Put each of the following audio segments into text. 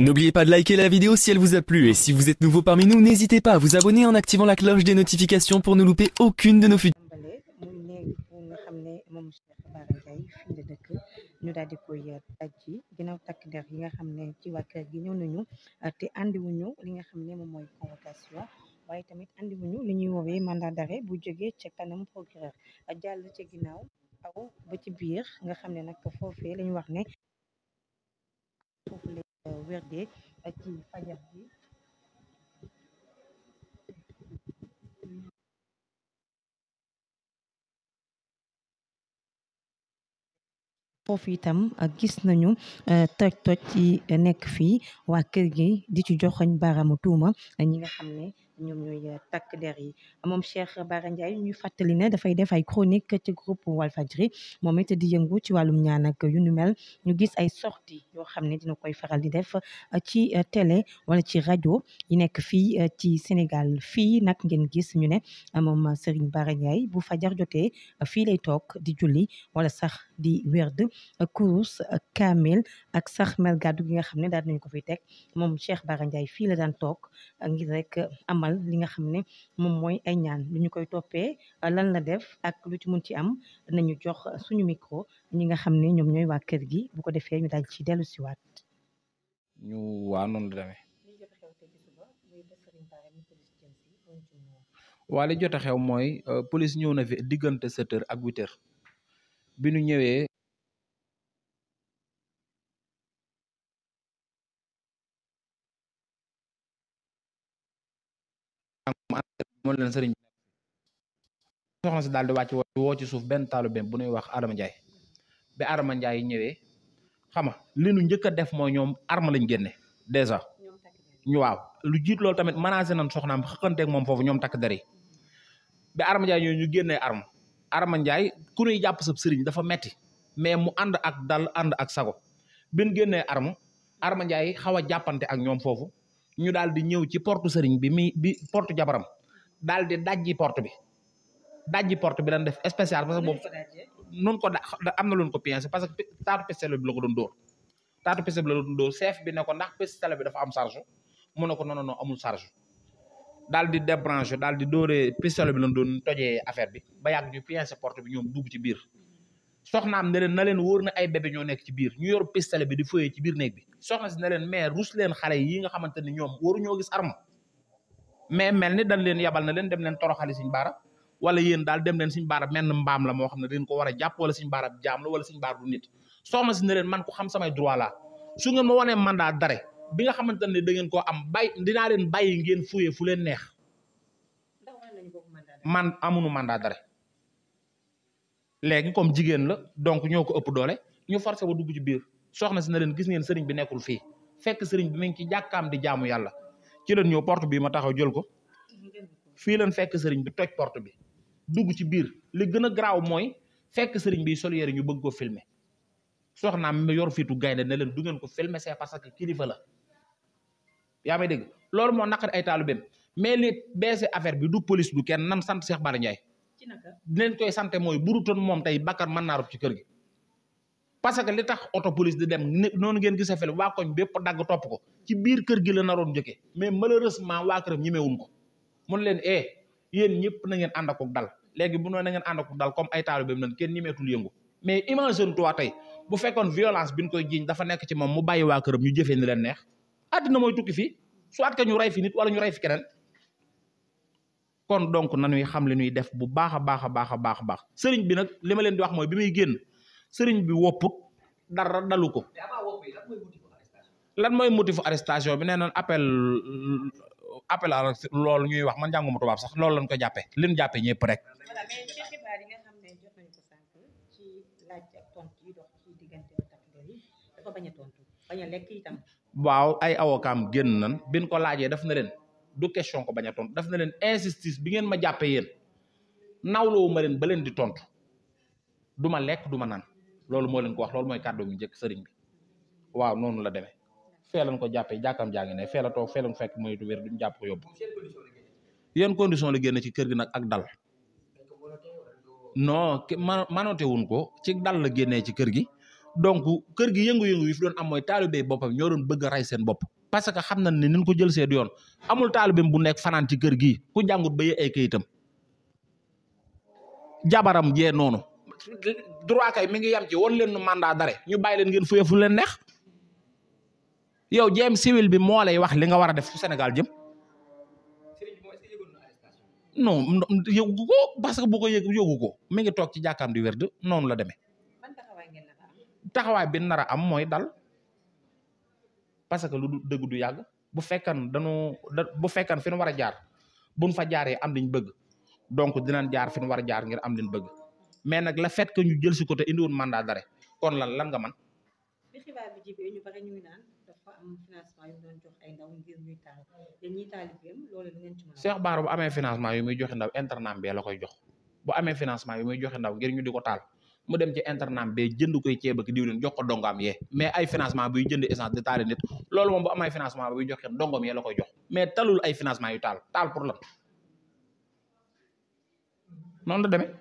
N'oubliez pas de liker la vidéo si elle vous a plu et si vous êtes nouveau parmi nous, n'hésitez pas à vous abonner en activant la cloche des notifications pour ne louper aucune de nos futures. ñu daal di koy taj ji ginnaaw takk der yi nga xam ne ci waa kër gi ñëw nañu te andiwuñu li nga xam ne moom mooy convocation waaye tamit andiwuñu li ñuy woowee mandat d'arrêt bu jógee ca kanam procureur jàll ca ginnaaw aw ba ci biir nga xam ne nag foofee la wax ne werde ci fajar bi foofu euh, gis nañu euh, toj toj ci nekk fi wa kër gi di ci joxoñ baaraamu tuuma ñi nga xam ne ñoom ñooy euh, takk der yi moom Cheikh Bara Ndiaye ñu fàttali ne dafay def ay chronique ci groupe Walfadjri moom it di yëngu ci wàllum ñaan yu nu mel ñu gis ay sorties yoo xam ne dina koy faral di def euh, ci euh, télé wala ci rajo yi nekk fii ci Sénégal fii nag ngeen gis ñu ne moom Serigne Bara Ndiaye bu fajar jotee fii lay toog di julli wala sax di werd kurus kaamil ak sax mel gàddu gi nga xam ne daal nañu ko fi teg moom Cheikh Bara Ndiaye daan toog ngir amal li nga xam ne moom mooy ay ñaan lu ñu koy toppee lan la def ak lu mun ci am nañu jox suñu micro ñi nga xam ne ñoom ñooy waa kër gi bu ko defee ñu daal ci dellu si waat ñu waa noonu la demee waa jot xew mooy euh, police ñëw na fi diggante sept heures ak huit heures ñëwee ak mu ànd moom leen sëriñ bi soxna si daal di woo ci suuf benn taalibeem bu ñuy wax Adama Ndiaye ñëwee xam nga li njëkk def mooy ñoom arme lañ génne dèjà waaw lu jiit loolu tamit menacé nañ soxnaam xëqanteeg ñoom takk der yi bi Adama Ndiaye ñëwee ñu génnee arme jàpp sab sëriñ dafa metti mais mu ànd ak dal ànd ak sago bin génnee arme Adama Ndiaye xaw a jàppante ak ñoom foofu ñu daal di ñëw ci porte sëriñ bi mi bi porte jabaram daal di dajji porte bi dajji porte bi dañ def spécial parce que boobu nun ko da am na loon ko pincé parce que taatu pistale bi la ko doon dóor taatu pistale bi la ko chef bi ne ko ndax pistale bi dafa am charge mu ne ko non non amul charge daal di débranché daal di dóoree pistale bi lañ doon tojee affaire bi ba yàgg ñu pincé porte bi ñoom dugg ci biir soxnaam ne leen na leen wóor na ay bébé ñoo nekk ci biir ñu yor pistolet bi di fëyee ci biir néeg bi soxna si ne leen mais rus leen xale yi nga xamante ni ñoom wóoru ñoo gis arme mais mel ni dañ leen yabal na leen dem leen toroxali suñ baara wala yéen daal dem leen suñ baara menn mbaam la moo xam ne dañ ko war a jàpp wala suñ baara jaam la wala suñ baara du nit soxna si ne leen man ko xam samay droit la su ngeen ma wanee mandat dare bi nga xamante ne da ngeen koo am bay dinaa leen bàyyi ngeen fuyee fu leen neex man amunu mandat d'arrêt léegi comme jigéen la donc ñoo ko ëpp doole ñu forcé ba dugg ci biir soxna si na leen gis ngeen sëriñ bi nekkul fii fekk sëriñ bi mu ngi ci jàkkaam di jaamu yàlla ci leen ñëw porte bii ma taxaw jël ko fii leen fekk sëriñ bi toj porte bi dugg ci biir li gën a garaaw mooy fekk sëriñ bi sol yére ñu bëgg ko filmer soxnaam mi yor fiitu gaynde ne leen du ngeen ko filmer c'est parce que kilifa la yaa may dégg loolu moo naqari ay taalu benn mais li beese affaire bi du police du kenn nan sant seex Bara Ndiaye di leen koy sant mooy burutoon moom tey Bakar mën naa rëbb ci kër gi. parce que li tax oto police di dem noonu ngeen gis a fële waa koñ bépp dagg topp ko ci biir kër gi la naroon jóge mais malheureusement waa këram ñemewuñ ko mun leen eh yéen ñëpp na ngeen ànd ak dal léegi bu noonu na ngeen ànd ak dal comme ay taalibe bi nan mais imagine toi tey bu fekkoon violence bi koy jiiñ dafa nekk ci moom mu bàyyi waa këram ñu jëfee ni leen neex àddina mooy tukki fii soit que ñu rey fi nit wala ñu rey fi keneen. kon donc nañuy xam li ñuy def bu baax a baax a baax a baax a baax sëriñ bi nag li ma leen di wax mooy bi muy génn sëriñ bi wopput dara dalu ko lan mooy motifu arrestation bi nee nañ appel appel loolu ñuy wax man jànguma tubaab sax loolu lañ ko jàppee liñ jàppee ñëpp rek. waaw ay awokaam génn nan bin ko laajee def na leen du question ko bañ a def na leen injustice bi ngeen ma jàppee yéen nawloowu ma leen ba leen di tontu du ma lekk du ma naan loolu moo leen ko wax loolu mooy kàddu bu njëkk sëriñ bi waaw noonu la demee fee ko jàppee jàkkam jaa ngi ne fee la toog fee lañ fekk mooy du wér duñ jàpp ko yóbbu yan condition la génne ci kër gi nag ak dal non ma manote wuñ ko ci dal la génnee ci kër gi donc kër gi yëngu-yëngu yi fi doon am mooy taalibe boppam ñoo doon bëgg a seen bopp parce que xam nañ ne nin ko jël seed yoon amul taalibeem bu nekk fanaan ci kër gi ku jàngut ba yee ay kayitam jabaram jee noonu droit kay mi ngi yam ci won leen nu mandat dare ñu bàyyi leen ngeen fuye fu leen neex yow jéem siwil bi moo lay wax li nga war a def fu senegal jëm non yëgu ko parce que bu ko yëg yëgu ko mi ngi toog ci jàkkaam di werd noonu la deme taxawaay bi nar a am mooy dal parce que lu du dëgg du yàgg bu fekkan dañoo bu fekkan fi nu war a jaar buñ fa jaaree am liñ bëgg donc dinañ jaar fi nu war a jaar ngir am liñ bëgg mais nag le fait que ñu jël si côté indiwoon mandat d'arrêt kon lan lan nga man bi xibaar bi financement yu doon ndaw ngir a. Cheikh bu amee financement yu muy joxe ndaw internat bi la koy jox bu amee financement yu muy joxe ndaw ngir ñu di ko taal mu dem ci internam bee jënd koy ceeb ak diwlin jox ko dongaam yee mais ay financement buy jënd essence di taali nit loolu moom bu am ay financement buy jox kenn dongoom yee la koy jox mais talul ay financement yu taal taal pour lan noonu la demee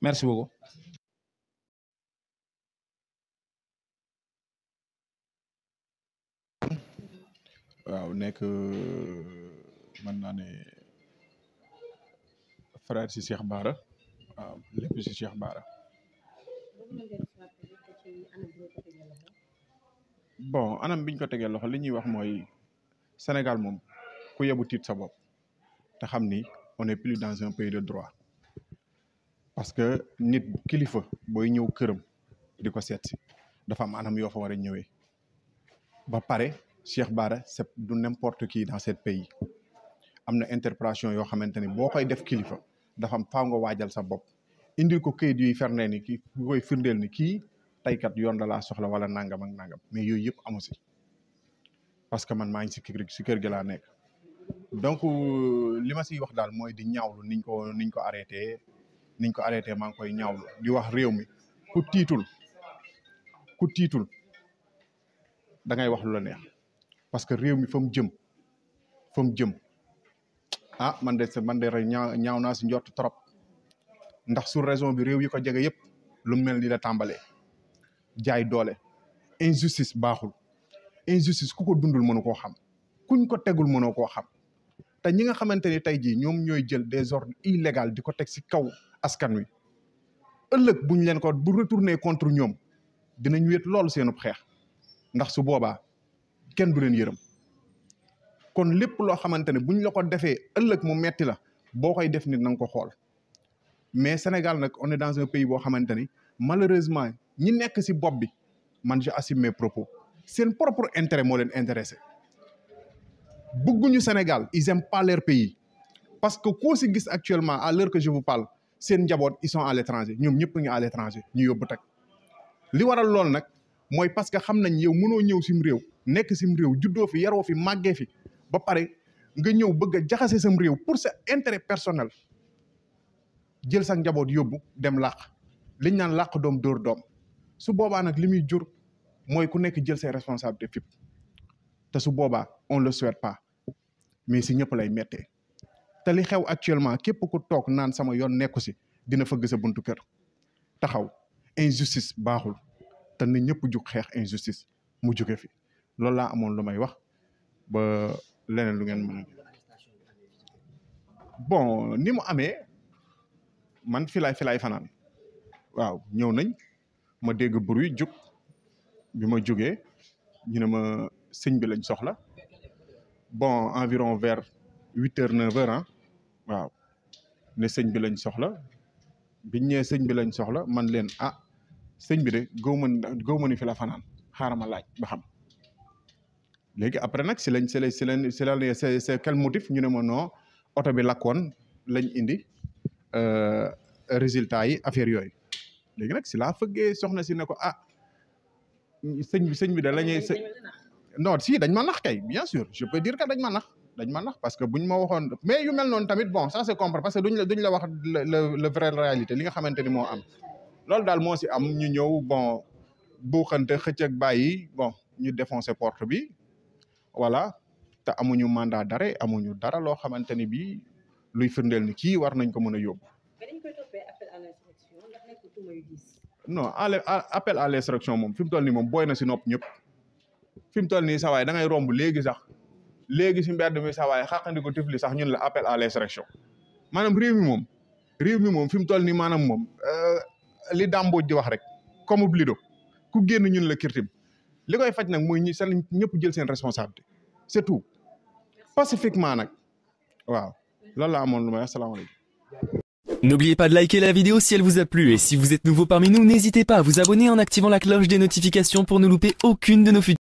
merci beaucoup euh, bon anam biñ ko tegee loxo li ñuy wax mooy Sénégal moom ku yebu tiit sa bopp te xam ni on plus dans un pays de droit parce que nit kilifa booy ñëw këram di ko seet dafa am anam yoo fa war ñëwee ba pare Cheikh Bara c'est du n'importe qui dans ce pays am na interprétation yoo xamante ni boo koy def kilifa dafa am faaw nga waajal sa bopp indil ko kayit yuy ferne ni kii yu koy firndeel ni kii taykat yoon la laa soxla wala nangam ak nangam mais yooyu yëpp amu si parce que man maa ngi si kër si kër gi laa nekk donc euh, li ma siy wax daal mooy di ñaawlu niñ ko niñ ko arrêté niñ ko arrêté maa ngi koy ñaawlu di wax réew mi ku tiitul ku tiitul da wax lu la parce que réew mi fa jëm fa jëm a ah, man de man de ñaaw ñaaw naa si njort trop ndax sur raison bi réew yi ko jege yëpp lu mel ni la tàmbalee jaay doole injustice baaxul injustice ku ko dundul mënu koo xam kuñ ko tegul mënoo koo xam te ñi nga xamante ni tey jii ñoom ñooy jël des ordres illégaux di ko teg si kaw askan wi ëllëg buñ leen ko bu retourner contre ñoom dinañ wéet loolu seenub xeex ndax su boobaa kenn du leen yërëm kon lépp loo xamante ne buñ la ko defee ëllëg mu metti la boo koy def nit na ko xool mais Sénégal nag on est dans pays boo xamante ni malheureusement ñi nekk si bopp bi man je assume mes propos seen propre intérêt moo leen intéressé bëgguñu Sénégal ils aiment pas pays parce que koo ci gis actuellement à l'heure que je vous parle seen njaboot ils sont à l'étranger ñoom ñëpp ngi à l'étranger ñu yóbbu teg li waral loolu nag mooy parce que xam nañ yow mënoo ñëw sim réew nekk sim réew juddoo fi yaroo fi màggee fi ba pare nga ñëw bëgg jaxase sam réew pour sa intérêt personnel jël sa njaboot yóbbu dem làq liñ naan làq doom dóor doom su boobaa nag li muy jur mooy ku nekk jël ses responsabilités fipp te su boobaa on le souhaite pas mais si ñëpp lay méttee te li xew actuellement képp ku toog naan sama yoon nekku si dina fëgg sa buntu kër taxaw injustice baaxul te nit ñëpp jug xeex injustice mu jóge fi loolu laa amoon lu may wax ba leneen lu ngeen mën a bon ni mu amee man fi laay fi laay fanaan waaw ñëw nañ ma dégg bruit jug bi ma jógee ñu ne ma sëñ bi lañ soxla bon environ vers huit heures neuf heures ah waaw ne sëñ bi lañ soxla biñ ñëwee sëñ bi lañ soxla man leen ah sëñ bi de gaw ma gaw ma ni fi la fanaan xaaral ma laaj ba xam léegi après nak si lañ si lañ si lañ si lañ c'est quel motif ñu ne ma non oto bi lakkoon lañ indi. Euh, résultat yi affaire yooyu léegi nag si laa fëggee soxna si ne ko ah sëñ bi sëñ bi da la ñuy non si dañ ma nax kay bien sur je peux dire que dañ ma nax dañ ma nax parce que buñ ma waxoon mais yu mel noonu tamit bon ça c'est comprendre parce que duñ la duñ la wax le le vrai réalité li nga xamante ni moo am loolu daal moo si am ñu ñëw bon buuxante xëcc ak bàyyi bon ñu défoncer porte bi voilà te amuñu mandat d'arrêt amuñu dara loo xamante ni bii luy firndeel ni kii war nañ ko mën a yóbbu. non appel à l'instruction moom fi mu toll nii moom booy na si nopp ñëpp fi mu toll nii sawaay da ngay romb léegi sax léegi si mbedd mi sawaay xaqandiku tifli sax ñun la appel à l'instruction maanaam réew mi moom réew mi moom fi mu toll nii maanaam moom euh, li dàmbooj di wax rek comme lido ku génn ñun la kirtim li koy faj nag mooy ñi seen ñëpp jël seen responsabilité c'est tout pacifiquement nag waaw loolu N'oubliez pas de liker la vidéo si elle vous a plu et si vous êtes nouveau parmi nous, n'hésitez pas à vous abonner en activant la cloche des notifications pour ne louper aucune de nos futures